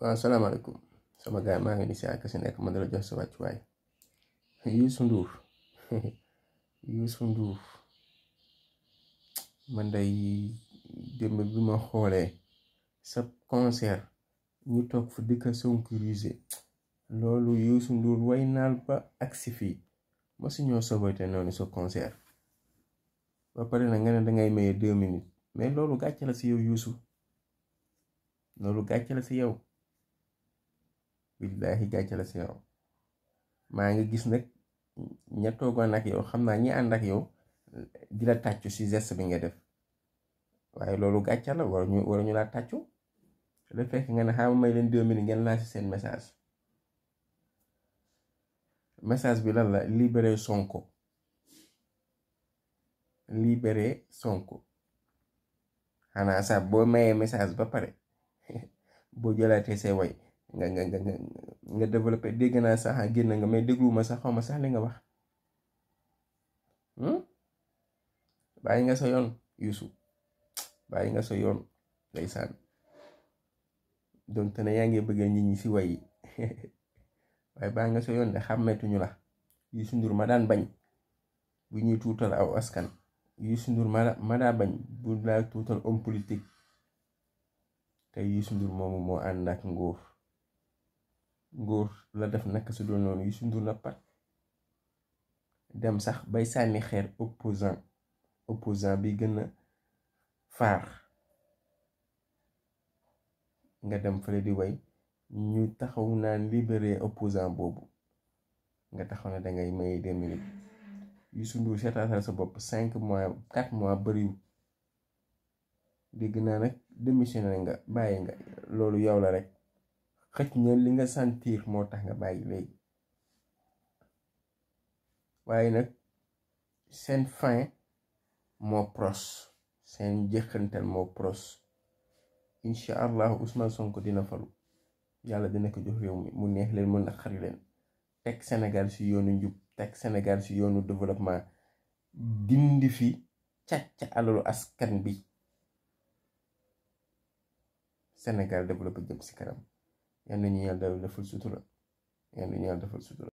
waaw salaamaaleykum sama gaay maa ngi ni si ak si nekk man dala jox sa wàccuwaay Youssou Ndour Youssou Ndour man day démb bi ma xoolee sa concert ñu toog fu dëkka sonkurise loolu Youssou Ndour way naal ba agsi fii ma su ñoo sobote noonu sa concert ba pare na nga ne dangay maye deux minutes mais loolu gàcce la si yow Youssou loolu gàcce la si yow billaahi gàcce la maa ngi gis nag ña toogoon ak yow xam naa ñi ànd ak yow di tàccu si geste bi nga def waaye loolu gàcce la ñu war tàccu le fekk ne xaaral may leen deux minutes ngeen laaj si seen message message bi lan la libéré Sonko libéré Sonko xanaa sax boo mayee message ba pare boo jëlaatee say way nga nga nga nga développé dégg naa sax génn nga mais dégluwuma sax xaw ma sax li nga wax hmm? bàyyi nga sa yoon Youssou bàyyi nga sa yoon ndeysaan donte ne yaa ngi bëgg nit ñi si way yi waaye bàyyi nga sa yoon de xàmmeetuñu la Youssou Ndour ma daan bañ bu ñuy tuutal aw askan Youssou Ndour ma ma bañ bu laa tuutal homme politique te Youssou ndur moomu moo ànd ak nguur. nguur la def naka su dul noonu Youssou Ndour na pat dem sax bay sànni xeer opposant opposant bi gën a faar nga dem fële di way ñu taxaw naan libéré opposant boobu nga taxaw na dangay may deux minutes Youssou Ndour seetaatal sa bopp cinq mois quatre mois bëriwul dégg naa nag démissionné nga bàyyi nga loolu yow la rek xëj na li nga sentiir moo tax nga bàyyi léegi waaye nag seen fin moo proche seen jëkkantal moo proche incha allah Ousmane Sonko dina falu yàlla dina ko jox réew mi mu neex leen mu naqari leen teg senegal ci yoonu njub teg Sénégal ci yoonu développement dindi fi càcc alalu askan bi Sénégal développé jëm ci kanam. yal na ñu yàlla defal sutura yal na ñu yàlla defal sutura